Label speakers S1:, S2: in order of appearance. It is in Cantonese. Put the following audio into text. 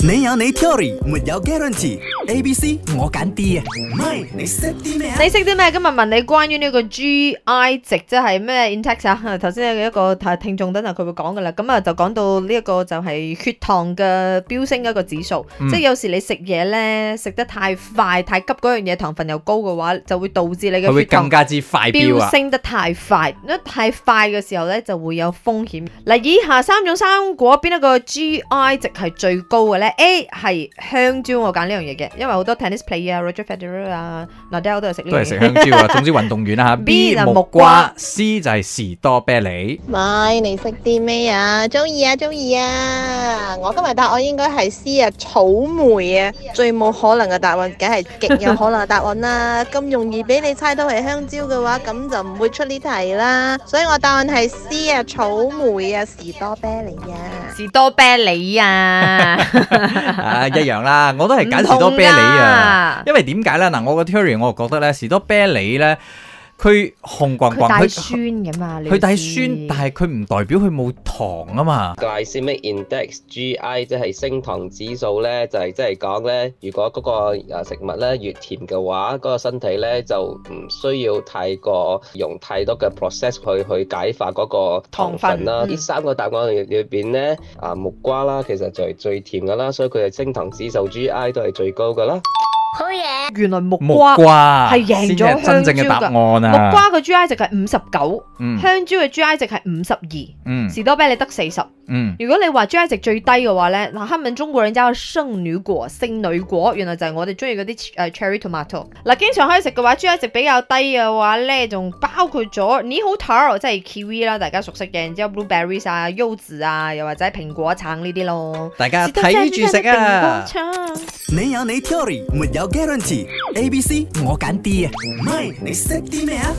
S1: 你有你 theory，沒有 guarantee。A、B、C 我
S2: 揀 D 啊，MY 你識啲咩？你識啲咩？今日問你關於呢個 G.I 值即係咩 index 啊？頭先有一個聽聽眾等陣佢會講噶啦，咁啊就講到呢一個就係血糖嘅飆升一個指數，即係有時你食嘢咧食得太快太急嗰樣嘢糖分又高嘅話，就會導致你嘅血糖更加
S1: 之快飆升
S2: 得太快，因為太快嘅時候咧就會有風險。嗱，以下三種生果邊一個 G.I 值係最高嘅咧？A 係香蕉，我揀呢樣嘢嘅，因為好多 tennis player 啊、Roger Federer 啊、Nadal 都係食呢樣都係食香蕉啊！總之
S1: 運動員啊吓。B 就木瓜，C 就係士多啤梨。
S2: 咪你識啲咩啊？中意啊，中意啊！我今日答案應該係 C 啊，草莓啊，最冇可能嘅答案，梗係極有可能嘅答案啦。咁容易俾你猜到係香蕉嘅話，咁就唔會出呢題啦。所以我答案係 C 啊，草莓啊，士多啤梨啊。士多啤梨啊！
S1: 啊，一樣啦， 我都係揀士多啤梨啊，因為點解咧？嗱，我個 theory 我又覺得咧，士多啤梨咧。佢紅滾滾，佢帶
S3: 酸㗎嘛？佢帶酸，但
S1: 係佢唔代表佢冇糖啊嘛。
S3: Glycemic index GI 即係升糖指數咧，就係即係講咧，如果嗰個食物咧越甜嘅話，嗰、那個身體咧就唔需要太過用太多嘅 process 去去解化嗰個糖分啦。呢、嗯、三個答案裏裏邊咧，啊木瓜啦，其實就係最，最甜㗎啦，所以佢嘅升糖指數 GI 都係最高㗎啦。
S2: 好嘢！原來木瓜係贏咗香蕉嘅。真正的答案啊、木瓜嘅 G I 值係五十九，香蕉嘅 G I 值係五十二，士多啤梨得四十。嗯，如果你話 G I 值最低嘅話咧，嗱，後面中國人家有聖女果、聖女果，原來就係我哋中意嗰啲誒 cherry tomato。嗱，經常可以食嘅話，G I 值比較低嘅話咧，仲包括咗獼猴桃，即係 kiwi 啦，大家熟悉嘅，然之後 blueberries 啊、柚子啊，又或者蘋果橙呢啲咯。
S1: 大家睇住食啊！你有你 theory，沒有 guarantee。A B C 我揀 D 啊，唔係你識啲咩？啊？